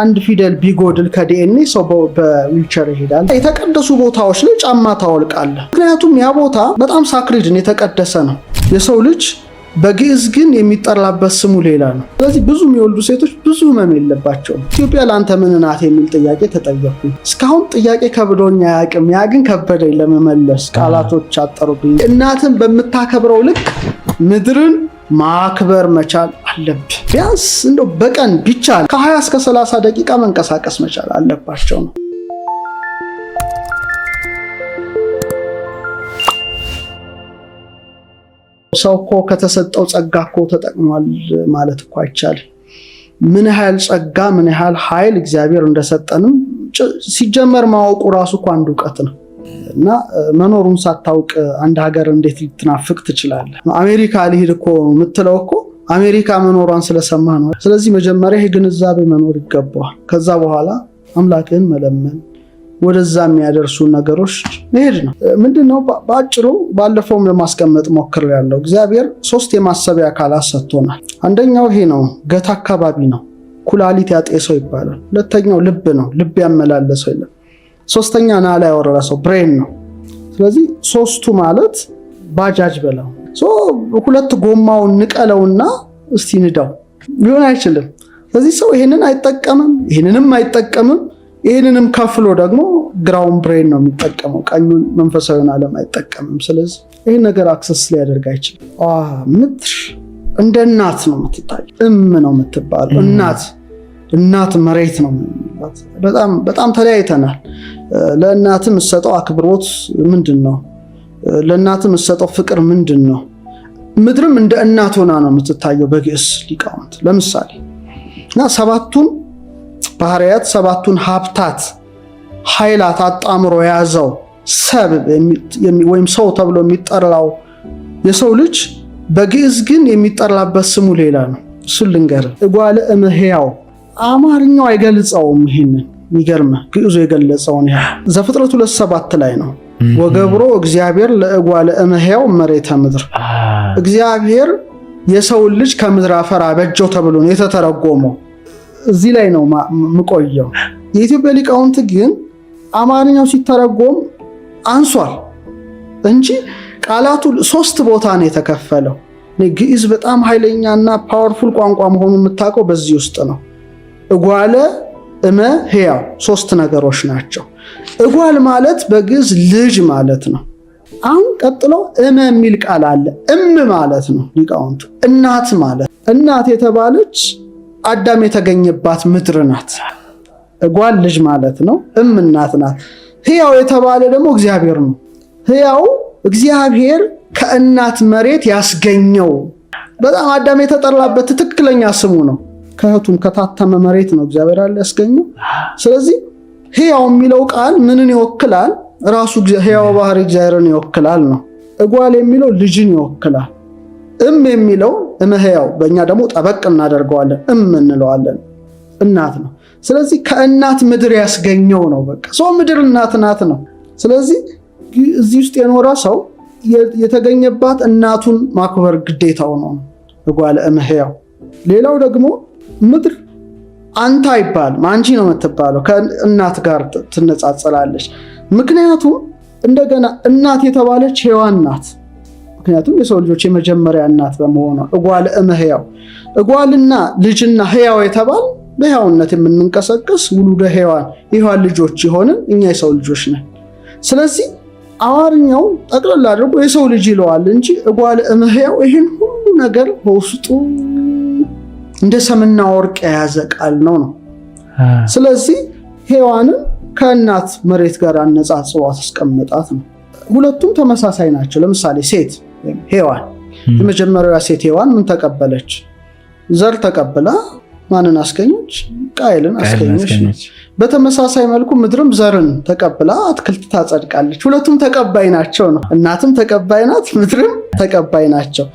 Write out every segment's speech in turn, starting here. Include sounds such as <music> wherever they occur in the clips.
አንድ ፊደል ቢጎድል ከዲኤንኤ ሰው በዊልቸር ይሄዳል። የተቀደሱ ቦታዎች ላይ ጫማ ታወልቃለ። ምክንያቱም ያ ቦታ በጣም ሳክሪድን የተቀደሰ ነው። የሰው ልጅ በግዕዝ ግን የሚጠራበት ስሙ ሌላ ነው። ስለዚህ ብዙ የሚወልዱ ሴቶች ብዙ ህመም የለባቸውም። ኢትዮጵያ ለአንተ ምን ናት የሚል ጥያቄ ተጠየኩኝ። እስካሁን ጥያቄ ከብዶኝ አያውቅም። ያ ግን ከበደኝ ለመመለስ፣ ቃላቶች አጠሩብኝ። እናትን በምታከብረው ልክ ምድርን ማክበር መቻል አለብ ቢያንስ እንደው በቀን ቢቻል ከ20 እስከ 30 ደቂቃ መንቀሳቀስ መቻል አለባቸው ነው። ሰው እኮ ከተሰጠው ጸጋ እኮ ተጠቅሟል ማለት እኮ አይቻልም። ምን ያህል ጸጋ ምን ያህል ኃይል እግዚአብሔር እንደሰጠንም ሲጀመር ማወቁ ራሱ እኮ አንድ እውቀት ነው። እና መኖሩን ሳታውቅ አንድ ሀገር እንዴት ልትናፍቅ ትችላለህ? አሜሪካ ልሂድ እኮ የምትለው እኮ አሜሪካ መኖሯን ስለሰማህ ነው። ስለዚህ መጀመሪያ የግንዛቤ መኖር ይገባል። ከዛ በኋላ አምላክህን መለመን ወደዛ የሚያደርሱ ነገሮች መሄድ ነው። ምንድን ነው በአጭሩ ባለፈውም ለማስቀመጥ ሞክር ያለው እግዚአብሔር ሶስት የማሰቢያ አካላት ሰጥቶናል። አንደኛው ይሄ ነው፣ ገታ አካባቢ ነው፣ ኩላሊት ሰው ይባላል። ሁለተኛው ልብ ነው፣ ልብ ያመላለሰው ይላል። ሶስተኛ ናላ ሰው ብሬን ነው። ስለዚህ ሶስቱ ማለት ባጃጅ በለው ሁለት ጎማውን ንቀለውና እስቲ ንዳው ሊሆን አይችልም። ስለዚህ ሰው ይሄንን አይጠቀምም፣ ይሄንንም አይጠቀምም፣ ይሄንንም ከፍሎ ደግሞ ግራውን ብሬን ነው የሚጠቀመው፣ ቀኙን መንፈሳዊን ዓለም አይጠቀምም። ስለዚህ ይህ ነገር አክሰስ ሊያደርግ አይችልም። ምድር እንደ እናት ነው የምትታየው፣ እም ነው የምትባለው እናት እናት መሬት ነው። በጣም በጣም ተለያይተናል። ለእናት የምትሰጠው አክብሮት ምንድን ነው? ለእናት የምትሰጠው ፍቅር ምንድን ነው? ምድርም እንደ እናት ሆና ነው የምትታየው በግዕዝ ሊቃውንት። ለምሳሌ እና ሰባቱን ባህርያት ሰባቱን ሀብታት ኃይላት አጣምሮ የያዘው ሰብ ወይም ሰው ተብሎ የሚጠራው የሰው ልጅ በግዕዝ ግን የሚጠራበት ስሙ ሌላ ነው። እሱን ልንገር፣ እጓለ እምሕያው አማርኛው አይገልጸውም። ይህንን የሚገርምህ ግዕዙ የገለጸውን ያ ዘፍጥረት ሁለት ሰባት ላይ ነው ወገብሮ እግዚአብሔር ለእጓለ እመሕያው መሬተ ምድር እግዚአብሔር የሰውን ልጅ ከምድር አፈር አበጀው ተብሎ ነው የተተረጎመው። እዚህ ላይ ነው ምቆየው። የኢትዮጵያ ሊቃውንት ግን አማርኛው ሲተረጎም አንሷል እንጂ ቃላቱ ሶስት ቦታ ነው የተከፈለው። ግዕዝ በጣም ኃይለኛና ፓወርፉል ቋንቋ መሆኑ የምታውቀው በዚህ ውስጥ ነው። እጓለ እመ ሕያው ሶስት ነገሮች ናቸው። እጓል ማለት በግዕዝ ልጅ ማለት ነው። አሁን ቀጥሎ እመ የሚል ቃል አለ። እም ማለት ነው ሊቃውንቱ እናት ማለት እናት የተባለች አዳም የተገኘባት ምድር ናት። እጓል ልጅ ማለት ነው። እም እናት ናት። ህያው የተባለ ደግሞ እግዚአብሔር ነው። ህያው እግዚአብሔር ከእናት መሬት ያስገኘው በጣም አዳም የተጠራበት ትክክለኛ ስሙ ነው። ከህቱም ከታተመ መሬት ነው እግዚአብሔር ያስገኘው። ስለዚህ ህያው የሚለው ቃል ምንን ይወክላል? ራሱ ህያው ባህሪ እግዚአብሔርን ይወክላል ነው። እጓል የሚለው ልጅን ይወክላል። እም የሚለው እመህያው በእኛ ደግሞ ጠበቅ እናደርገዋለን፣ እም እንለዋለን። እናት ነው። ስለዚህ ከእናት ምድር ያስገኘው ነው። በቃ ሰው ምድር እናት ናት ነው። ስለዚህ እዚህ ውስጥ የኖረ ሰው የተገኘባት እናቱን ማክበር ግዴታው ነው። እጓለ እመህያው ሌላው ደግሞ ምድር አንተ አይባልም አንቺ ነው የምትባለው። ከእናት ጋር ትነጻጸላለች። ምክንያቱም እንደገና እናት የተባለች ሔዋን ናት። ምክንያቱም የሰው ልጆች የመጀመሪያ እናት በመሆኗ እጓል እመሕያው እጓልና ልጅና ሕያው የተባል በሕያውነት የምንንቀሳቀስ ውሉደ ሔዋን የሔዋን ልጆች የሆንን እኛ የሰው ልጆች ነን። ስለዚህ አማርኛው ጠቅላላ አድርጎ የሰው ልጅ ይለዋል እንጂ እጓል እመህያው ይህን ሁሉ ነገር በውስጡ እንደ ሰምና ወርቅ የያዘ ቃል ነው ነው። ስለዚህ ሔዋንን ከእናት መሬት ጋር አነጻጽዋ አስቀምጣት ነው። ሁለቱም ተመሳሳይ ናቸው። ለምሳሌ ሴት ሔዋን የመጀመሪያዋ ሴት ሔዋን ምን ተቀበለች? ዘር ተቀብላ ማንን አስገኘች? ቃየልን አስገኘች። በተመሳሳይ መልኩ ምድርም ዘርን ተቀብላ አትክልት ታጸድቃለች። ሁለቱም ተቀባይ ናቸው ነው። እናትም ተቀባይ ናት፣ ምድርም ተቀባይ ናቸው።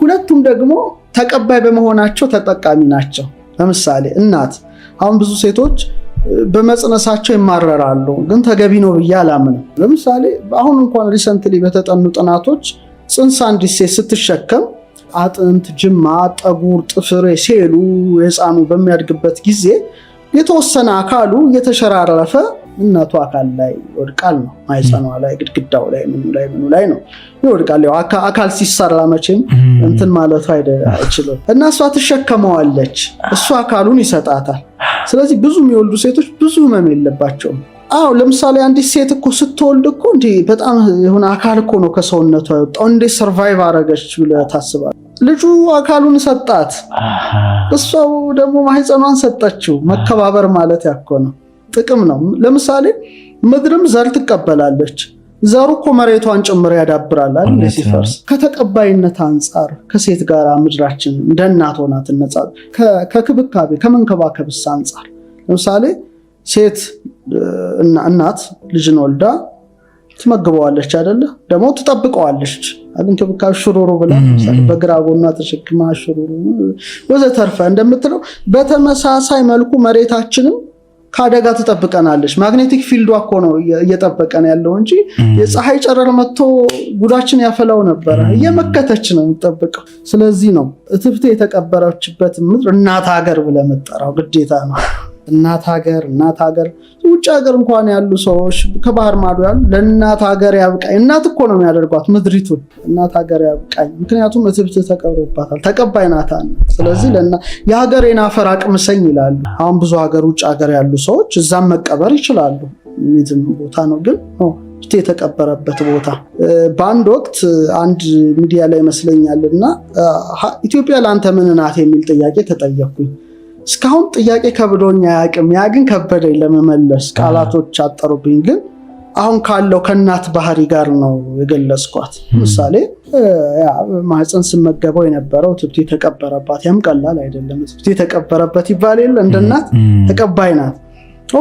ሁለቱም ደግሞ ተቀባይ በመሆናቸው ተጠቃሚ ናቸው። ለምሳሌ እናት አሁን ብዙ ሴቶች በመጽነሳቸው ይማረራሉ፣ ግን ተገቢ ነው ብዬ አላምንም። ለምሳሌ አሁን እንኳን ሪሰንትሊ በተጠኑ ጥናቶች ጽንስ አንዲት ሴት ስትሸከም አጥንት፣ ጅማ፣ ጠጉር፣ ጥፍር፣ ሴሉ የሕፃኑ በሚያድግበት ጊዜ የተወሰነ አካሉ እየተሸራረፈ እናቱ አካል ላይ ይወድቃል ነው ማይፀኗ ላይ ግድግዳው ላይ ምኑ ላይ ምኑ ላይ ነው ይወድቃል። አካል ሲሰራ መቼም እንትን ማለቱ አይችልም እና እሷ ትሸከመዋለች፣ እሱ አካሉን ይሰጣታል። ስለዚህ ብዙ የሚወልዱ ሴቶች ብዙ ህመም የለባቸውም። አዎ ለምሳሌ አንዲት ሴት እኮ ስትወልድ እኮ እንዲህ በጣም የሆነ አካል እኮ ነው ከሰውነቷ የወጣው፣ እንዴ ሰርቫይቭ አረገች ብለ ታስባል። ልጁ አካሉን ሰጣት፣ እሷ ደግሞ ማህፀኗን ሰጠችው። መከባበር ማለት ያኮ ነው፣ ጥቅም ነው። ለምሳሌ ምድርም ዘር ትቀበላለች። ዘሩ እኮ መሬቷን ጭምር ያዳብራላል ሲፈርስ። ከተቀባይነት አንጻር ከሴት ጋር ምድራችን እንደ እናት ሆና ትነጻ- ከክብካቤ ከመንከባከብስ አንጻር ለምሳሌ ሴት እናት ልጅን ወልዳ ትመግበዋለች አይደለ? ደግሞ ትጠብቀዋለች እንክብካቤ ሽሩሩ ብላ በግራ ጎኗ ተሸክማ ሽሩሩ ወዘተርፈ እንደምትለው በተመሳሳይ መልኩ መሬታችንም ከአደጋ ትጠብቀናለች። ማግኔቲክ ፊልዷ እኮ ነው እየጠበቀን ያለው እንጂ የፀሐይ ጨረር መጥቶ ጉዳችን ያፈላው ነበረ። እየመከተች ነው የምጠብቀው። ስለዚህ ነው እትብቴ የተቀበረችበት ምድር እናት ሀገር ብለህ የምጠራው ግዴታ ነው። እናት ሀገር እናት ሀገር ውጭ ሀገር እንኳን ያሉ ሰዎች ከባህር ማዶ ያሉ ለእናት ሀገር ያብቃኝ። እናት እኮ ነው የሚያደርጓት ምድሪቱን። እናት ሀገር ያብቃኝ፣ ምክንያቱም እትብት ተቀብሮባታል። ተቀባይ ናታ። ስለዚህ የሀገሬን አፈር አቅምሰኝ ይላሉ። አሁን ብዙ ሀገር ውጭ ሀገር ያሉ ሰዎች እዛም መቀበር ይችላሉ። ሚዝም ቦታ ነው ግን የተቀበረበት ቦታ በአንድ ወቅት አንድ ሚዲያ ላይ ይመስለኛል እና ኢትዮጵያ ለአንተ ምን ናት የሚል ጥያቄ ተጠየቅኩኝ። እስካሁን ጥያቄ ከብዶኝ አያውቅም። ያ ግን ከበደኝ ለመመለስ ቃላቶች አጠሩብኝ። ግን አሁን ካለው ከእናት ባህሪ ጋር ነው የገለጽኳት። ምሳሌ ማህፀን ስመገበው የነበረው እትብቴ የተቀበረባት ያም ቀላል አይደለም። እትብቴ የተቀበረበት ይባል የለ እንደ እናት ተቀባይ ናት።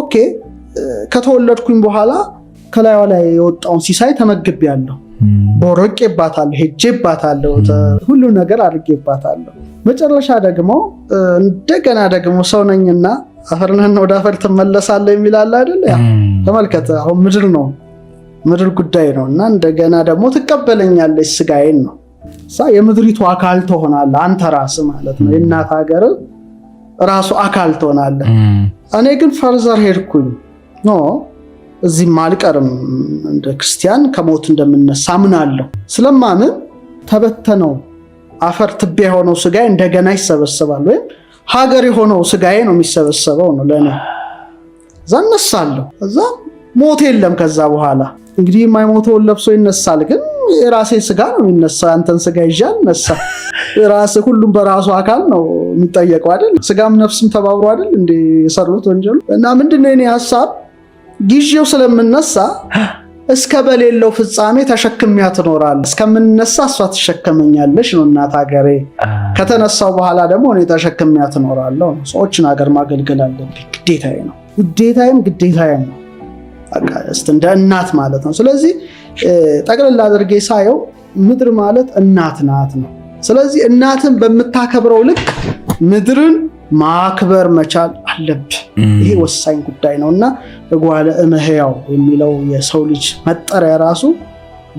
ኦኬ ከተወለድኩኝ በኋላ ከላዩ ላይ የወጣውን ሲሳይ ተመግቤያለሁ። ቦሮቄባታለሁ፣ ሄጄባታለሁ፣ ሁሉ ነገር አድርጌባታለሁ። መጨረሻ ደግሞ እንደገና ደግሞ ሰው ነኝና አፈር ወደ አፈር ትመለሳለህ የሚላለ አይደል? ተመልከት፣ አሁን ምድር ነው ምድር ጉዳይ ነው እና እንደገና ደግሞ ትቀበለኛለች ስጋዬን ነው እሳ የምድሪቱ አካል ትሆናለህ አንተ ራስ ማለት ነው። የእናት ሀገር ራሱ አካል ትሆናለህ። እኔ ግን ፈርዘር ሄድኩኝ ኖ እዚህም አልቀርም እንደ ክርስቲያን ከሞት እንደምነሳ አምናለሁ። ስለማምን ተበተነው አፈር ትቢያ የሆነው ስጋዬ እንደገና ይሰበሰባል፣ ወይም ሀገር የሆነው ስጋዬ ነው የሚሰበሰበው ነው ለእኔ። እዛ እነሳለሁ። እዛ ሞት የለም። ከዛ በኋላ እንግዲህ የማይሞተውን ለብሶ ይነሳል። ግን የራሴ ስጋ ነው የሚነሳው። ያንተን ስጋ ይዤ አልነሳም። ራስ ሁሉም በራሱ አካል ነው የሚጠየቀው አይደል? ስጋም ነፍስም ተባብሮ አይደል እንደ የሰሩት ወንጀሉ እና ምንድን ነው ሀሳብ ጊዜው ስለምነሳ እስከ በሌለው ፍጻሜ ተሸክሚያ ትኖራለህ። እስከምነሳ እሷ ትሸከመኛለች ነው እናት ሀገሬ። ከተነሳው በኋላ ደግሞ እኔ ተሸክሚያ ትኖራለሁ። ሰዎችን ሀገር ማገልገል አለብኝ፣ ግዴታዬ ነው። ውዴታዬም ግዴታዬም ነው። እንደ እናት ማለት ነው። ስለዚህ ጠቅልላ አድርጌ ሳየው ምድር ማለት እናት ናት ነው። ስለዚህ እናትን በምታከብረው ልክ ምድርን ማክበር መቻል አለብህ። ይሄ ወሳኝ ጉዳይ ነው እና እጓለ እመሕያው የሚለው የሰው ልጅ መጠሪያ ራሱ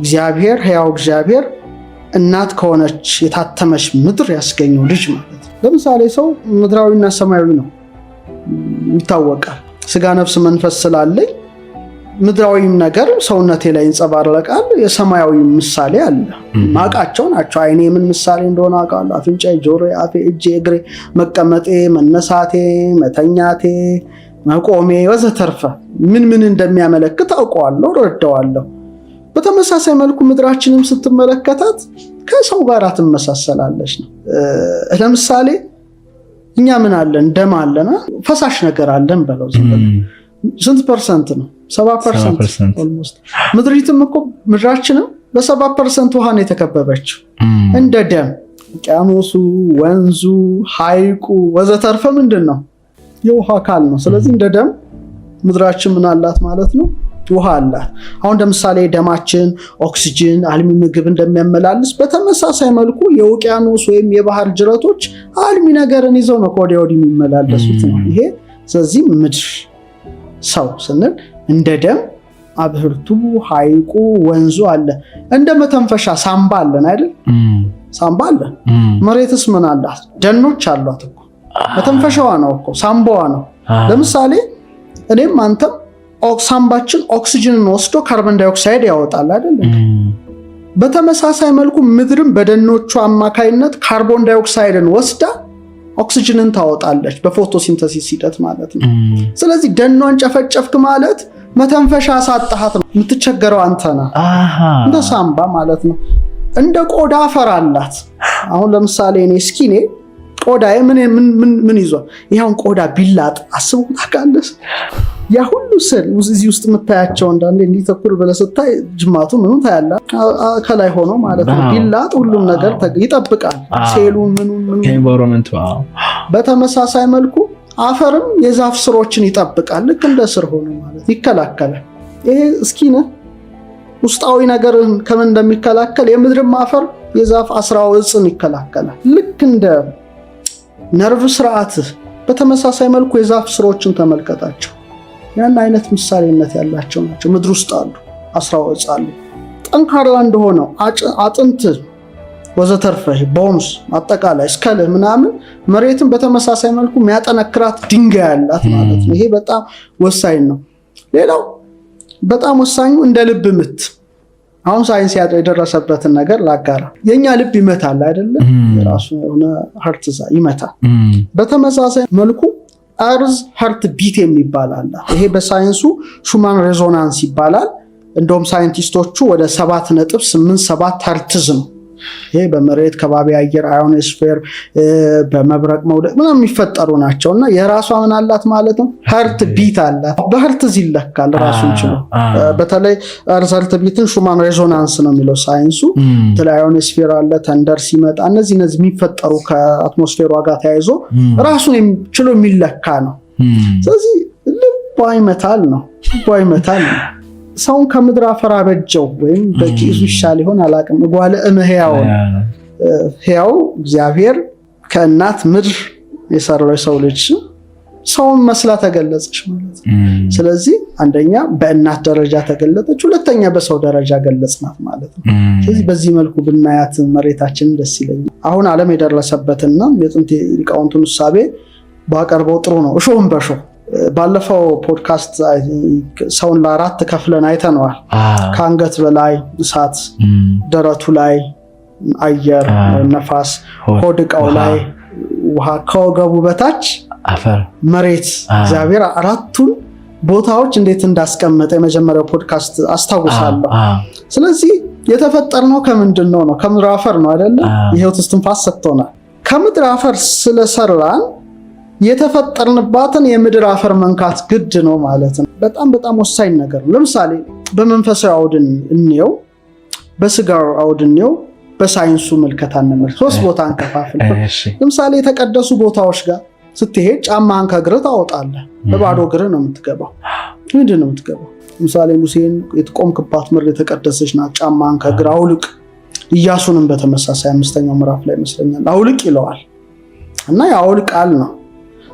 እግዚአብሔር ሕያው እግዚአብሔር እናት ከሆነች የታተመች ምድር ያስገኘው ልጅ ማለት ነው። ለምሳሌ ሰው ምድራዊና ሰማያዊ ነው ይታወቃል። ስጋ ነፍስ መንፈስ ስላለኝ ምድራዊም ነገር ሰውነቴ ላይ ይንጸባረቃል። የሰማያዊ ምሳሌ አለ። ማቃቸው ናቸው። አይኔ ምን ምሳሌ እንደሆነ አውቃለሁ። አፍንጫ፣ ጆሮ፣ አፌ፣ እጄ፣ እግሬ፣ መቀመጤ፣ መነሳቴ፣ መተኛቴ፣ መቆሜ ወዘተርፈ ምን ምን እንደሚያመለክት አውቀዋለሁ፣ ረዳዋለሁ። በተመሳሳይ መልኩ ምድራችንም ስትመለከታት ከሰው ጋር ትመሳሰላለች ነው። ለምሳሌ እኛ ምን አለን? ደም አለና ፈሳሽ ነገር አለን በለው። ስንት ፐርሰንት ነው? ሰባ ፐርሰንት ኦልሞስት ምድሪትም እኮ ምድራችንም በሰባ ፐርሰንት ውሃ ነው የተከበበችው እንደ ደም ውቅያኖሱ ወንዙ ሀይቁ ወዘተርፈ ምንድን ነው የውሃ አካል ነው ስለዚህ እንደ ደም ምድራችን ምን አላት ማለት ነው ውሃ አላት አሁን ለምሳሌ ደማችን ኦክሲጅን አልሚ ምግብ እንደሚያመላልስ በተመሳሳይ መልኩ የውቅያኖስ ወይም የባህር ጅረቶች አልሚ ነገርን ይዘው ነው ከወዲያ ወዲህ የሚመላለሱት ነው ይሄ ስለዚህ ምድር ሰው ስንል እንደ ደም አብህርቱ ሐይቁ ወንዙ አለ። እንደ መተንፈሻ ሳምባ አለን አይደል? ሳምባ አለ። መሬትስ ምን አላት? ደኖች አሏት እኮ መተንፈሻዋ ነው እኮ ሳምባዋ ነው። ለምሳሌ እኔም አንተም ሳምባችን ኦክሲጅንን ወስዶ ካርቦን ዳይኦክሳይድ ያወጣል አይደል? በተመሳሳይ መልኩ ምድርም በደኖቹ አማካይነት ካርቦን ዳይኦክሳይድን ወስዳ ኦክሲጅንን ታወጣለች በፎቶሲንተሲስ ሂደት ማለት ነው። ስለዚህ ደኗን ጨፈጨፍክ ማለት መተንፈሻ ሳጣሃት ነው። የምትቸገረው አንተ ነህ። እንደ ሳምባ ማለት ነው። እንደ ቆዳ አፈር አላት። አሁን ለምሳሌ እኔ ስኪኔ ቆዳ ምን ምን ይዟል? ይሁን ቆዳ ቢላጥ አስቡ ታውቃለህ? ያ ሁሉ ስል እዚህ ውስጥ የምታያቸው አንዳንዴ እንዲህ ተኩል ብለህ ስታይ ጅማቱ ምኑ ታያለ፣ ከላይ ሆኖ ማለት ነው። ቢላጥ ሁሉም ነገር ይጠብቃል፣ ሴሉ ምኑ ምኑ። በተመሳሳይ መልኩ አፈርም የዛፍ ስሮችን ይጠብቃል፣ ልክ እንደ ስር ሆኖ ማለት ይከላከላል። ይሄ እስኪነ ውስጣዊ ነገርን ከምን እንደሚከላከል የምድርም አፈር የዛፍ አስራው እጽን ይከላከላል ልክ እንደ ነርቭ ስርዓትህ በተመሳሳይ መልኩ የዛፍ ስሮችን ተመልከታቸው። ያን አይነት ምሳሌነት ያላቸው ናቸው። ምድር ውስጥ አሉ፣ አስራወጽ አሉ። ጠንካራ እንደሆነው አጥንት ወዘተርፈ ቦንስ አጠቃላይ እስከልህ ምናምን መሬትን በተመሳሳይ መልኩ የሚያጠነክራት ድንጋይ ያላት ማለት ነው። ይሄ በጣም ወሳኝ ነው። ሌላው በጣም ወሳኙ እንደ ልብ ምት አሁን ሳይንስ የደረሰበትን ነገር ላጋራ። የኛ ልብ ይመታል አይደለም? የራሱ የሆነ ሀርትዛ ይመታል። በተመሳሳይ መልኩ አርዝ ሀርት ቢት የሚባል አለ። ይሄ በሳይንሱ ሹማን ሬዞናንስ ይባላል። እንደውም ሳይንቲስቶቹ ወደ ሰባት ነጥብ ስምንት ሰባት ሀርትዝ ነው ይሄ በመሬት ከባቢ አየር አዮኖስፌር በመብረቅ መውደቅ ምናምን የሚፈጠሩ ናቸው እና የራሷ ምን አላት ማለት ነው ሀርት ቢት አላት። በሀርትዝ ይለካል ራሱን ችሎ። በተለይ ሀርት ቢትን ሹማን ሬዞናንስ ነው የሚለው ሳይንሱ። አዮኖስፌር አለ ተንደር ሲመጣ እነዚህ እነዚህ የሚፈጠሩ ከአትሞስፌሯ ጋር ተያይዞ ራሱን ችሎ የሚለካ ነው። ስለዚህ ልቧ ይመታል ነው ልቧ ይመታል ነው ሰውን ከምድር አፈር አበጀው ወይም በግዕዙ ይሻል ይሆን አላቅም። እጓለ እምሕያውን ሕያው እግዚአብሔር ከእናት ምድር የሰራው የሰው ልጅ ሰውን መስላ ተገለጸች ማለት ነው። ስለዚህ አንደኛ በእናት ደረጃ ተገለጠች፣ ሁለተኛ በሰው ደረጃ ገለጽናት ማለት ነው። ስለዚህ በዚህ መልኩ ብናያት መሬታችንን ደስ ይለኛል። አሁን ዓለም የደረሰበትና የጥንት ሊቃውንቱን ውሳቤ ባቀርበው ጥሩ ነው። እሾህም በሾህ ባለፈው ፖድካስት ሰውን ለአራት ከፍለን አይተነዋል። ከአንገት በላይ እሳት፣ ደረቱ ላይ አየር ነፋስ፣ ሆድ ላይ ውሃ፣ ከወገቡ በታች መሬት። እግዚአብሔር አራቱን ቦታዎች እንዴት እንዳስቀመጠ የመጀመሪያው ፖድካስት አስታውሳለሁ። ስለዚህ የተፈጠርነው ከምንድን ነው ነው? ከምድር አፈር ነው አይደለ? የሕይወት እስትንፋስ ሰጥቶናል። ከምድር አፈር ስለሰራን የተፈጠርንባትን የምድር አፈር መንካት ግድ ነው ማለት ነው። በጣም በጣም ወሳኝ ነገር ለምሳሌ በመንፈሳዊ አውድን እንየው፣ በስጋዊ አውድ እንየው፣ በሳይንሱ ምልከታ እንመል። ሶስት ቦታ እንከፋፍል። ለምሳሌ የተቀደሱ ቦታዎች ጋር ስትሄድ ጫማህን ከእግርህ ታወጣለህ። በባዶ እግርህ ነው የምትገባው። ምንድን ነው የምትገባው? ለምሳሌ ሙሴን የተቆምክባት ምድር የተቀደሰች ናት፣ ጫማህን ከእግርህ አውልቅ። እያሱንም በተመሳሳይ አምስተኛው ምዕራፍ ላይ ይመስለኛል አውልቅ ይለዋል እና የአውልቅ ቃል ነው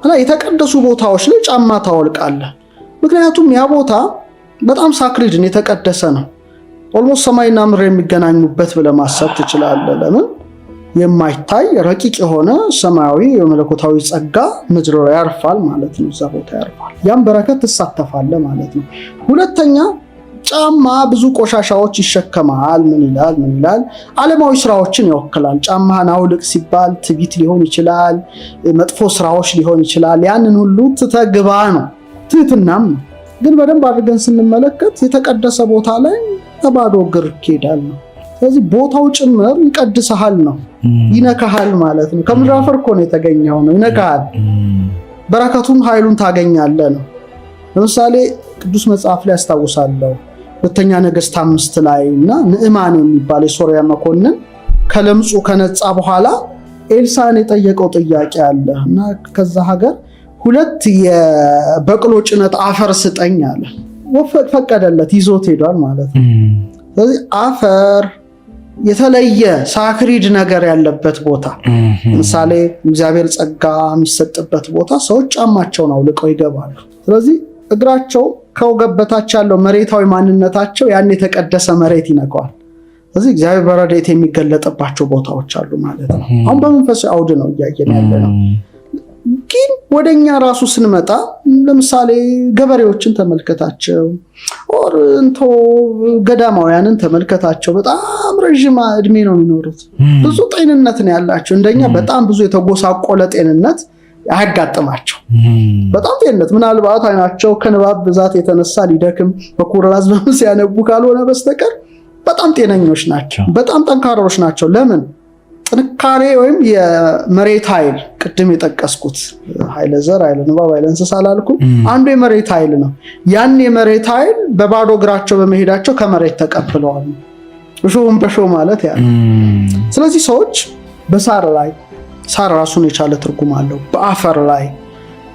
እና የተቀደሱ ቦታዎች ላይ ጫማ ታወልቃለህ። ምክንያቱም ያ ቦታ በጣም ሳክሪድን የተቀደሰ ነው። ኦልሞስት ሰማይና ምድር የሚገናኙበት ብለህ ማሰብ ትችላለህ። ለምን የማይታይ ረቂቅ የሆነ ሰማያዊ የመለኮታዊ ጸጋ ምድር ያርፋል ማለት ነው። እዛ ቦታ ያርፋል። ያም በረከት ትሳተፋለህ ማለት ነው። ሁለተኛ ጫማ ብዙ ቆሻሻዎች ይሸከማል። ምን ይላል ምን ይላል? ዓለማዊ ስራዎችን ይወክላል። ጫማህን አውልቅ ሲባል ትቢት ሊሆን ይችላል፣ መጥፎ ስራዎች ሊሆን ይችላል። ያንን ሁሉ ትተግባ ነው፣ ትህትናም ነው። ግን በደንብ አድርገን ስንመለከት የተቀደሰ ቦታ ላይ ተባዶ እግር ይሄዳል ነው። ስለዚህ ቦታው ጭምር ይቀድሰሃል ነው፣ ይነካሃል ማለት ነው። ከምድር አፈር እኮ ነው የተገኘው ነው፣ ይነካሃል። በረከቱን ኃይሉን ታገኛለህ ነው። ለምሳሌ ቅዱስ መጽሐፍ ላይ አስታውሳለሁ። ሁለተኛ ነገስት አምስት ላይ እና ንዕማን የሚባል የሶሪያ መኮንን ከለምጹ ከነጻ በኋላ ኤልሳን የጠየቀው ጥያቄ አለ እና ከዛ ሀገር ሁለት የበቅሎ ጭነት አፈር ስጠኝ አለ። ፈቀደለት፣ ይዞት ሄዷል ማለት ነው። ስለዚህ አፈር የተለየ ሳክሪድ ነገር ያለበት ቦታ ለምሳሌ እግዚአብሔር ጸጋ የሚሰጥበት ቦታ ሰዎች ጫማቸውን አውልቀው ይገባሉ። ስለዚህ እግራቸው ከወገብ በታች ያለው መሬታዊ ማንነታቸው ያን የተቀደሰ መሬት ይነካዋል። ስለዚህ እግዚአብሔር በረድኤት የሚገለጥባቸው ቦታዎች አሉ ማለት ነው። አሁን በመንፈሳዊ አውድ ነው እያየን ያለ ነው። ግን ወደ እኛ ራሱ ስንመጣ ለምሳሌ ገበሬዎችን ተመልከታቸው፣ ኦር እንቶ ገዳማውያንን ተመልከታቸው። በጣም ረዥም እድሜ ነው የሚኖሩት። ብዙ ጤንነት ነው ያላቸው። እንደኛ በጣም ብዙ የተጎሳቆለ ጤንነት አያጋጥማቸው በጣም ጤንነት ምናልባት አይናቸው ከንባብ ብዛት የተነሳ ሊደክም በኩራዝ በምስ ያነቡ ካልሆነ በስተቀር በጣም ጤነኞች ናቸው። በጣም ጠንካሮች ናቸው። ለምን ጥንካሬ ወይም የመሬት ኃይል ቅድም የጠቀስኩት ኃይለ ዘር፣ ኃይለ ንባብ፣ ኃይለ እንስሳ ላልኩ አንዱ የመሬት ኃይል ነው። ያን የመሬት ኃይል በባዶ እግራቸው በመሄዳቸው ከመሬት ተቀብለዋል። እሾሁም በሾ ማለት ያ። ስለዚህ ሰዎች በሳር ላይ ሳር ራሱን የቻለ ትርጉም አለው። በአፈር ላይ፣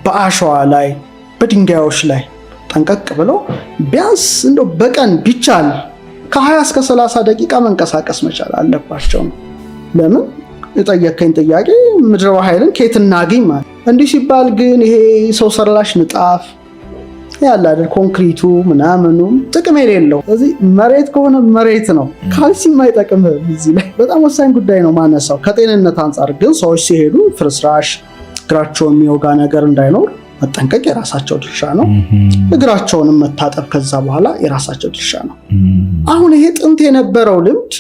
በአሸዋ ላይ፣ በድንጋዮች ላይ ጠንቀቅ ብለው ቢያንስ እንደው በቀን ቢቻል ከ20 እስከ 30 ደቂቃ መንቀሳቀስ መቻል አለባቸው ነው። ለምን የጠየከኝ ጥያቄ ምድረ ኃይልን ከየት እናገኝ ማለት እንዲህ ሲባል ግን ይሄ ሰው ሰራሽ ንጣፍ ያለ አይደል ኮንክሪቱ ምናምኑ ጥቅም የሌለው እዚህ መሬት ከሆነ መሬት ነው። ካልሲ የማይጠቅም እዚህ ላይ በጣም ወሳኝ ጉዳይ ነው ማነሳው። ከጤንነት አንጻር ግን ሰዎች ሲሄዱ ፍርስራሽ እግራቸውን የሚወጋ ነገር እንዳይኖር መጠንቀቅ የራሳቸው ድርሻ ነው። እግራቸውንም መታጠብ ከዛ በኋላ የራሳቸው ድርሻ ነው። አሁን ይሄ ጥንት የነበረው ልምድ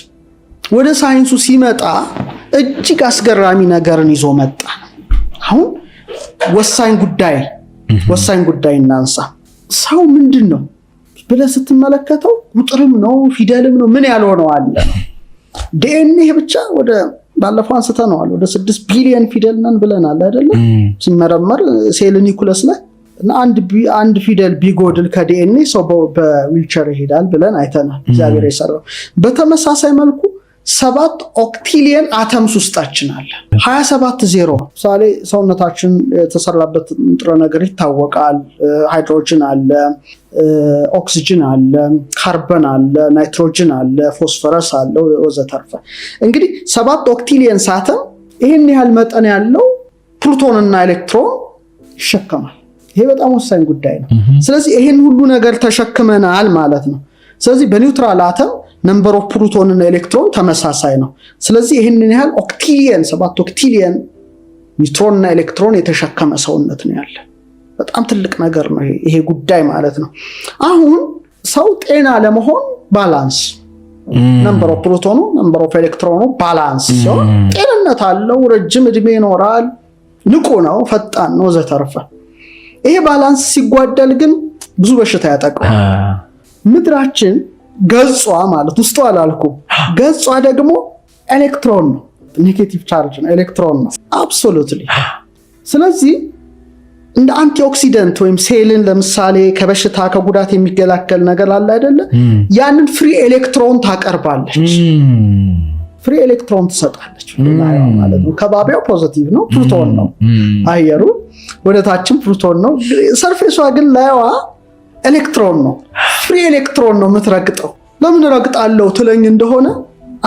ወደ ሳይንሱ ሲመጣ እጅግ አስገራሚ ነገርን ይዞ መጣ። አሁን ወሳኝ ጉዳይ ወሳኝ ጉዳይ እናንሳ። ሰው ምንድን ነው ብለህ ስትመለከተው ቁጥርም ነው ፊደልም ነው ምን ያልሆነው አለ ነው። ዲኤንኤ ብቻ ወደ ባለፈው አንስተነዋል። ወደ ስድስት ቢሊዮን ፊደል ነን ብለናል አይደለም? ሲመረመር ሴል ኒኩለስ ላይ እና አንድ ፊደል ቢጎድል ከዲኤንኤ ሰው በዊልቸር ይሄዳል ብለን አይተናል። እግዚአብሔር የሰራው በተመሳሳይ መልኩ ሰባት ኦክቲሊየን አተምስ ውስጣችን አለ። ሀያ ሰባት ዜሮ ምሳሌ ሰውነታችን የተሰራበት ንጥረ ነገር ይታወቃል። ሃይድሮጅን አለ፣ ኦክሲጅን አለ፣ ካርበን አለ፣ ናይትሮጅን አለ፣ ፎስፈረስ አለ ወዘተርፈ። እንግዲህ ሰባት ኦክቲሊየን አተም ይህን ያህል መጠን ያለው ፕሉቶንና ኤሌክትሮን ይሸከማል። ይሄ በጣም ወሳኝ ጉዳይ ነው። ስለዚህ ይህን ሁሉ ነገር ተሸክመናል ማለት ነው። ስለዚህ በኒውትራል አተም ነምበር ኦፍ ፕሩቶን እና ኤሌክትሮን ተመሳሳይ ነው። ስለዚህ ይህንን ያህል ኦክቲሊየን ሰባት ኦክቲሊየን ኒውትሮን እና ኤሌክትሮን የተሸከመ ሰውነት ነው ያለ። በጣም ትልቅ ነገር ነው ይሄ ጉዳይ ማለት ነው። አሁን ሰው ጤና ለመሆን ባላንስ ነምበር ኦፍ ፕሮቶኑ ነምበር ኦፍ ኤሌክትሮኑ ባላንስ ሲሆን ጤንነት አለው፣ ረጅም እድሜ ይኖራል፣ ንቁ ነው፣ ፈጣን ነው ዘተርፈ። ይሄ ባላንስ ሲጓደል ግን ብዙ በሽታ ያጠቃዋል ምድራችን ገጿ ማለት ውስጡ አላልኩም። ገጿ ደግሞ ኤሌክትሮን ነው፣ ኔጌቲቭ ቻርጅ ነው፣ ኤሌክትሮን ነው። አብሶሉትሊ። ስለዚህ እንደ አንቲኦክሲደንት ወይም ሴልን ለምሳሌ ከበሽታ ከጉዳት የሚገላከል ነገር አለ አይደለ? ያንን ፍሪ ኤሌክትሮን ታቀርባለች፣ ፍሪ ኤሌክትሮን ትሰጣለች ማለት ነው። ከባቢያው ፖዘቲቭ ነው፣ ፕሩቶን ነው አየሩ፣ ወደታችም ፕሩቶን ነው። ሰርፌሷ ግን ላይዋ ኤሌክትሮን ነው። ፍሪ ኤሌክትሮን ነው የምትረግጠው። ለምን ረግጣለው ትለኝ እንደሆነ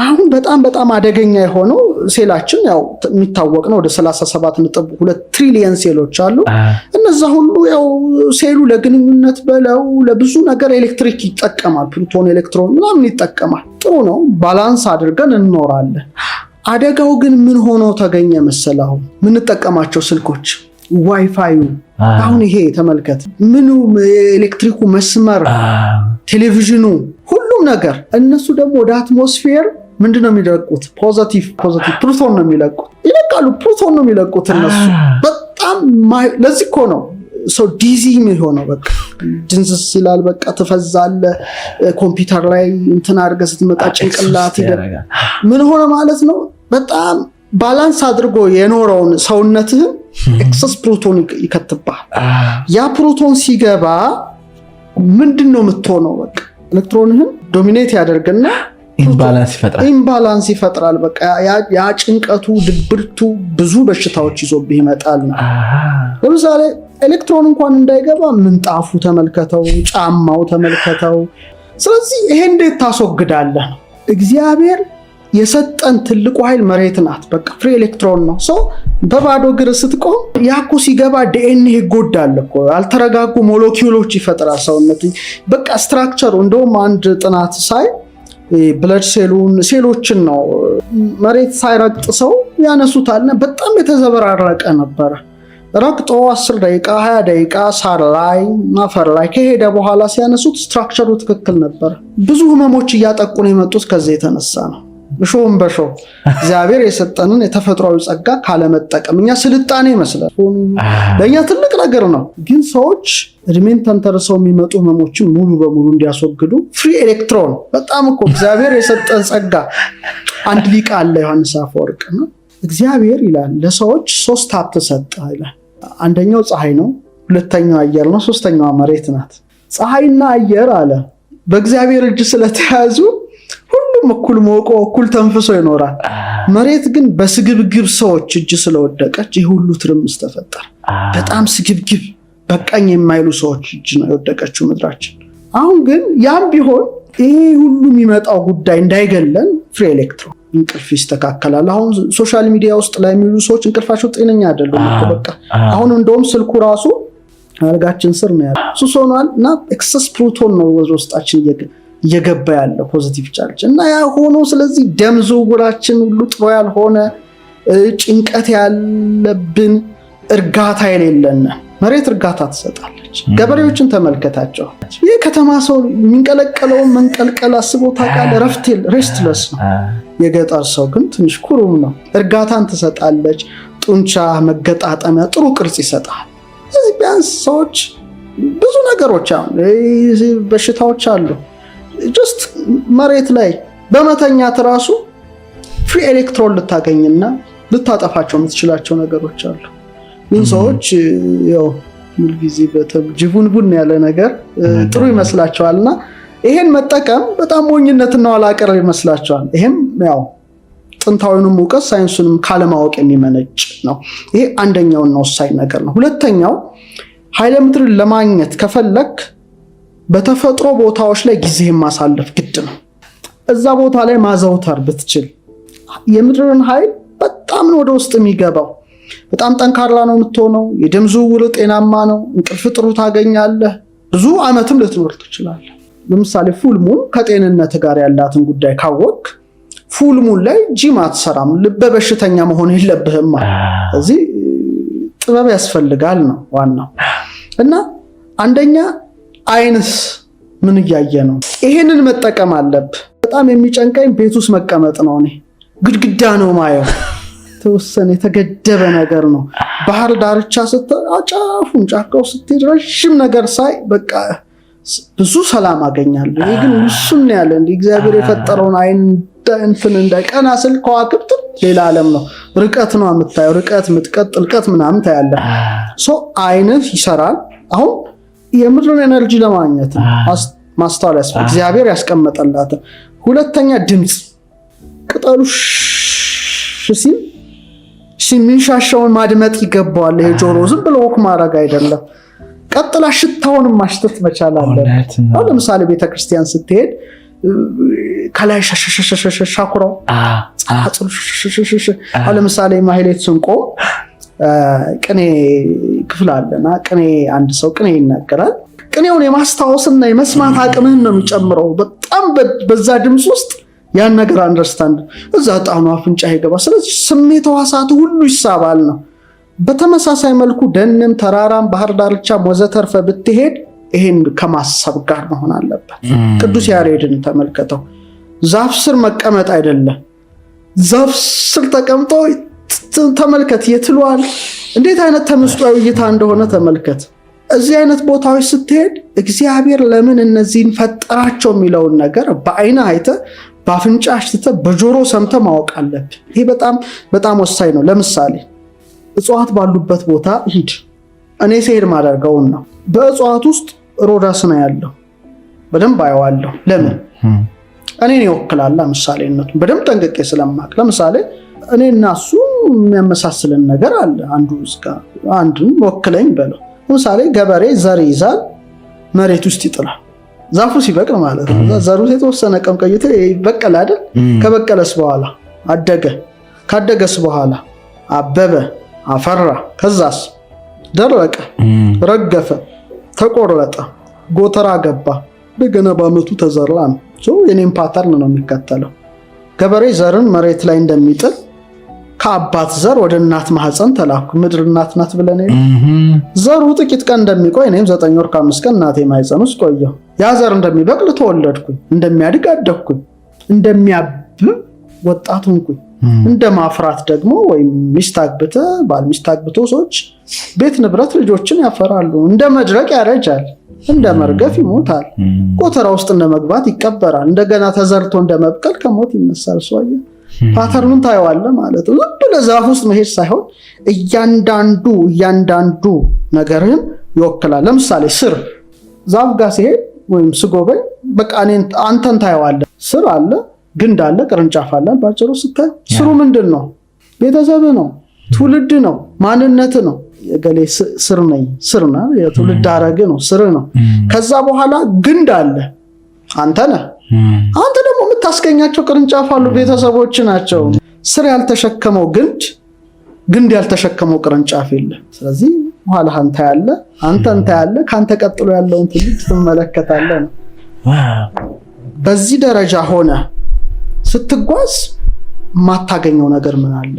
አሁን በጣም በጣም አደገኛ የሆነው ሴላችን ያው የሚታወቅ ነው። ወደ 37 ነጥብ ሁለት ትሪሊየን ሴሎች አሉ። እነዛ ሁሉ ያው ሴሉ ለግንኙነት በለው ለብዙ ነገር ኤሌክትሪክ ይጠቀማል። ፕሉቶን ኤሌክትሮን ምናምን ይጠቀማል። ጥሩ ነው፣ ባላንስ አድርገን እንኖራለን። አደጋው ግን ምን ሆኖ ተገኘ መሰለ? አሁን የምንጠቀማቸው ስልኮች ዋይፋዩ አሁን ይሄ ተመልከት፣ ምኑ ኤሌክትሪኩ መስመር፣ ቴሌቪዥኑ፣ ሁሉም ነገር። እነሱ ደግሞ ወደ አትሞስፌር ምንድን ነው የሚለቁት? ፖዘቲቭ ፖዘቲቭ ፕሉቶን ነው የሚለቁት፣ ይለቃሉ። ፕሉቶን ነው የሚለቁት እነሱ። በጣም ለዚህ እኮ ነው ሰው ዲዚ የሚሆነው በቃ ድንዝስ ይላል። በቃ ትፈዛለ። ኮምፒውተር ላይ እንትን አድርገህ ስትመጣ ጭንቅላት ምን ሆነ ማለት ነው። በጣም ባላንስ አድርጎ የኖረውን ሰውነትህን ኤክሰስ ፕሮቶን ይከትባል። ያ ፕሮቶን ሲገባ ምንድን ነው የምትሆነው? በቃ ኤሌክትሮንህን ዶሚኔት ያደርግና <gasps> ኢምባላንስ ይፈጥራል። በቃ ያ ጭንቀቱ፣ ድብርቱ ብዙ በሽታዎች ይዞብህ ይመጣል ነው። ለምሳሌ ኤሌክትሮን እንኳን እንዳይገባ ምንጣፉ ተመልከተው፣ ጫማው ተመልከተው። ስለዚህ ይሄ እንዴት ታስወግዳለህ? እግዚአብሔር የሰጠን ትልቁ ኃይል መሬት ናት። በቃ ፍሪ ኤሌክትሮን ነው ሰው በባዶ እግር ስትቆም ያኩ ሲገባ ዲኤንኤ ይጎዳል እኮ አልተረጋጉ ሞለኪውሎች ይፈጥራል ሰውነት። በቃ ስትራክቸሩ እንደውም አንድ ጥናት ሳይ ብለድ ሴሉን ሴሎችን ነው መሬት ሳይረግጥ ሰው ያነሱታልና በጣም የተዘበራረቀ ነበረ። ረግጦ 10 ደቂቃ 20 ደቂቃ ሳር ላይ አፈር ላይ ከሄደ በኋላ ሲያነሱት ስትራክቸሩ ትክክል ነበር። ብዙ ህመሞች እያጠቁ ነው የመጡት ከዚህ የተነሳ ነው። እሾህም በሾህ እግዚአብሔር የሰጠንን የተፈጥሯዊ ጸጋ ካለመጠቀም እኛ ስልጣኔ ይመስላል። ለእኛ ትልቅ ነገር ነው። ግን ሰዎች እድሜን ተንተርሰው የሚመጡ ህመሞችን ሙሉ በሙሉ እንዲያስወግዱ ፍሪ ኤሌክትሮን በጣም እኮ እግዚአብሔር የሰጠን ጸጋ። አንድ ሊቅ አለ ዮሐንስ አፈወርቅ ነው። እግዚአብሔር ይላል ለሰዎች ሶስት ሀብት ሰጠ ይላል። አንደኛው ፀሐይ ነው፣ ሁለተኛው አየር ነው፣ ሶስተኛዋ መሬት ናት። ፀሐይና አየር አለ በእግዚአብሔር እጅ ስለተያዙ ሁሉም እኩል ሞቆ እኩል ተንፍሶ ይኖራል። መሬት ግን በስግብግብ ሰዎች እጅ ስለወደቀች ይህ ሁሉ ትርምስ ተፈጠረ። በጣም ስግብግብ በቃኝ የማይሉ ሰዎች እጅ ነው የወደቀችው ምድራችን። አሁን ግን ያም ቢሆን ይሄ ሁሉ የሚመጣው ጉዳይ እንዳይገለን ፍሪ ኤሌክትሮን እንቅልፍ ይስተካከላል። አሁን ሶሻል ሚዲያ ውስጥ ላይ የሚሉ ሰዎች እንቅልፋቸው ጤነኛ አይደለም በቃ አሁን እንደውም ስልኩ ራሱ አልጋችን ስር ነው ያለ ሱስ ሆኗል እና ኤክሰስ ፕሮቶን ነው ወደ ውስጣችን እየገ እየገባ ያለ ፖዚቲቭ ቻርጅ እና ያ ሆኖ ስለዚህ ደም ዝውውራችን ሁሉ ጥሩ ያልሆነ ጭንቀት ያለብን እርጋታ የሌለን መሬት እርጋታ ትሰጣለች። ገበሬዎችን ተመልከታቸው። ይህ ከተማ ሰው የሚንቀለቀለውን መንቀልቀል አስቦ ታውቃለህ? ረፍቴል ሬስትለስ ነው። የገጠር ሰው ግን ትንሽ ኩሩም ነው። እርጋታን ትሰጣለች። ጡንቻ መገጣጠሚያ፣ ጥሩ ቅርጽ ይሰጣል። ስለዚህ ቢያንስ ሰዎች ብዙ ነገሮች አሁን በሽታዎች አሉ ጀስት መሬት ላይ በመተኛት ራሱ ፍሪ ኤሌክትሮን ልታገኝና ልታጠፋቸው የምትችላቸው ነገሮች አሉ። ግን ሰዎች ያው ሁልጊዜ ጅቡን ቡን ያለ ነገር ጥሩ ይመስላቸዋል እና ይሄን መጠቀም በጣም ሞኝነትና ዋላቀር ይመስላቸዋል። ይሄም ያው ጥንታዊንም እውቀት ሳይንሱንም ካለማወቅ የሚመነጭ ነው። ይሄ አንደኛውና ወሳኝ ነገር ነው። ሁለተኛው ኃይለ ምድርን ለማግኘት ከፈለክ በተፈጥሮ ቦታዎች ላይ ጊዜህን ማሳለፍ ግድ ነው። እዛ ቦታ ላይ ማዘውተር ብትችል የምድርን ኃይል በጣም ወደ ውስጥ የሚገባው። በጣም ጠንካራ ነው የምትሆነው። የደም ዝውውር ጤናማ ነው። እንቅልፍ ጥሩ ታገኛለህ። ብዙ ዓመትም ልትኖር ትችላለህ። ለምሳሌ ፉልሙን ከጤንነት ጋር ያላትን ጉዳይ ካወቅ ፉልሙን ላይ ጂም አትሰራም። ልበ በሽተኛ መሆን የለብህም። እዚህ ጥበብ ያስፈልጋል ነው ዋናው እና አንደኛ አይንስ ምን እያየ ነው? ይሄንን መጠቀም አለብ። በጣም የሚጨንቀኝ ቤት ውስጥ መቀመጥ ነው። እኔ ግድግዳ ነው ማየው፣ የተወሰነ የተገደበ ነገር ነው። ባህር ዳርቻ ጫፉን ጫካው ስትሄድ ረዥም ነገር ሳይ በቃ ብዙ ሰላም አገኛለሁ። ይህ ግን ውሱን ያለ እንዲ እግዚአብሔር የፈጠረውን አይን እንትን እንዳይቀና ስል ከዋክብት ሌላ ዓለም ነው። ርቀት ነው የምታየው፣ ርቀት፣ ምጥቀት፣ ጥልቀት ምናምን ታያለ። አይንህ ይሰራል አሁን የምድርን ኤነርጂ ለማግኘት ማስተዋል ያስፈል እግዚአብሔር ያስቀመጠላት። ሁለተኛ ድምፅ ቅጠሉ ሲል የሚንሻሻውን ማድመጥ ይገባዋል። ይሄ ጆሮ ዝም ብሎ ወክ ማድረግ አይደለም። ቀጥላ ሽታውንም ማሽተት መቻል አለ። ለምሳሌ ቤተክርስቲያን ስትሄድ ከላይ ሻኩራው ጸናጽሉ፣ ለምሳሌ ማህሌት ስንቆም ቅኔ ክፍል አለና ቅኔ አንድ ሰው ቅኔ ይናገራል። ቅኔውን የማስታወስና የመስማት አቅምህን ነው የሚጨምረው። በጣም በዛ ድምፅ ውስጥ ያን ነገር አንደርስታንድ እዛ ጣኑ አፍንጫ ይገባ። ስለዚህ ስሜት ሕዋሳት ሁሉ ይሳባል ነው። በተመሳሳይ መልኩ ደንም፣ ተራራም፣ ባህር ዳርቻም ወዘተርፈ ብትሄድ ይሄን ከማሰብ ጋር መሆን አለበት። ቅዱስ ያሬድን ተመልከተው። ዛፍ ስር መቀመጥ አይደለም ዛፍ ስር ተቀምጦ ተመልከት፣ የትሏል እንዴት አይነት ተመስጧዊ እይታ እንደሆነ ተመልከት። እዚህ አይነት ቦታዎች ስትሄድ እግዚአብሔር ለምን እነዚህን ፈጠራቸው የሚለውን ነገር በአይነ አይተ በአፍንጫ አሽትተ በጆሮ ሰምተ ማወቅ አለብህ። በጣም በጣም ወሳኝ ነው። ለምሳሌ እጽዋት ባሉበት ቦታ ሂድ። እኔ ስሄድ ማደርገውን ነው። በእጽዋት ውስጥ ሮዳስ ነው ያለው። በደንብ አየዋለሁ። ለምን እኔን ይወክላል። ምሳሌነቱ በደንብ ጠንቅቄ ስለማቅ ለምሳሌ እኔ እና እሱ የሚያመሳስለን ነገር አለ። አንዱ ስጋ አንዱን ወክለኝ በለው። ለምሳሌ ገበሬ ዘር ይዛል፣ መሬት ውስጥ ይጥላል። ዛፉ ሲበቅል ማለት ነው። ዘሩ የተወሰነ ቀን ቆይቶ ይበቀል አይደል? ከበቀለስ በኋላ አደገ፣ ካደገስ በኋላ አበበ፣ አፈራ፣ ከዛስ ደረቀ፣ ረገፈ፣ ተቆረጠ፣ ጎተራ ገባ፣ እንደገና በአመቱ ተዘራ ነው። የኔም ፓተርን ነው የሚከተለው ገበሬ ዘርን መሬት ላይ እንደሚጥል ከአባት ዘር ወደ እናት ማህፀን ተላኩ። ምድር እናት ናት ብለን ዘሩ ጥቂት ቀን እንደሚቆይ እኔም ዘጠኝ ወር ከአምስት ቀን እናቴ ማህፀን ውስጥ ቆየሁ። ያ ዘር እንደሚበቅል ተወለድኩኝ፣ እንደሚያድግ አደግኩኝ፣ እንደሚያብብ ወጣት ሆንኩኝ። እንደ ማፍራት ደግሞ ወይም ሚስት ባል ሚስት አግብቶ ሰዎች ቤት ንብረት ልጆችን ያፈራሉ። እንደ መድረቅ ያረጃል፣ እንደ መርገፍ ይሞታል። ጎተራ ውስጥ እንደ መግባት ይቀበራል። እንደገና ተዘርቶ እንደ መብቀል ከሞት ይነሳል። Hmm. ፓተርኑን ታየዋለ ማለት ነው። ዝም ብለህ ዛፍ ውስጥ መሄድ ሳይሆን እያንዳንዱ እያንዳንዱ ነገርህን ይወክላል። ለምሳሌ ስር ዛፍ ጋር ሲሄድ ወይም ስጎበኝ በቃ አንተን ታየዋለ። ስር አለ፣ ግንድ አለ፣ ቅርንጫፍ አለ። ባጭሩ ስታይ ስሩ ምንድን ነው? ቤተሰብ ነው፣ ትውልድ ነው፣ ማንነት ነው። የገሌ ስር ነኝ፣ ስር ነህ፣ የትውልድ አረግ ነው፣ ስር ነው። ከዛ በኋላ ግንድ አለ፣ አንተ ነህ። አንተ የምታስገኛቸው ቅርንጫፍ አሉ፣ ቤተሰቦች ናቸው። ስር ያልተሸከመው ግንድ ግንድ ያልተሸከመው ቅርንጫፍ የለም። ስለዚህ ያለ አንተ እንተ ያለ ከአንተ ቀጥሎ ያለውን ትውልድ ትመለከታለ ነው። በዚህ ደረጃ ሆነ ስትጓዝ የማታገኘው ነገር ምን አለ?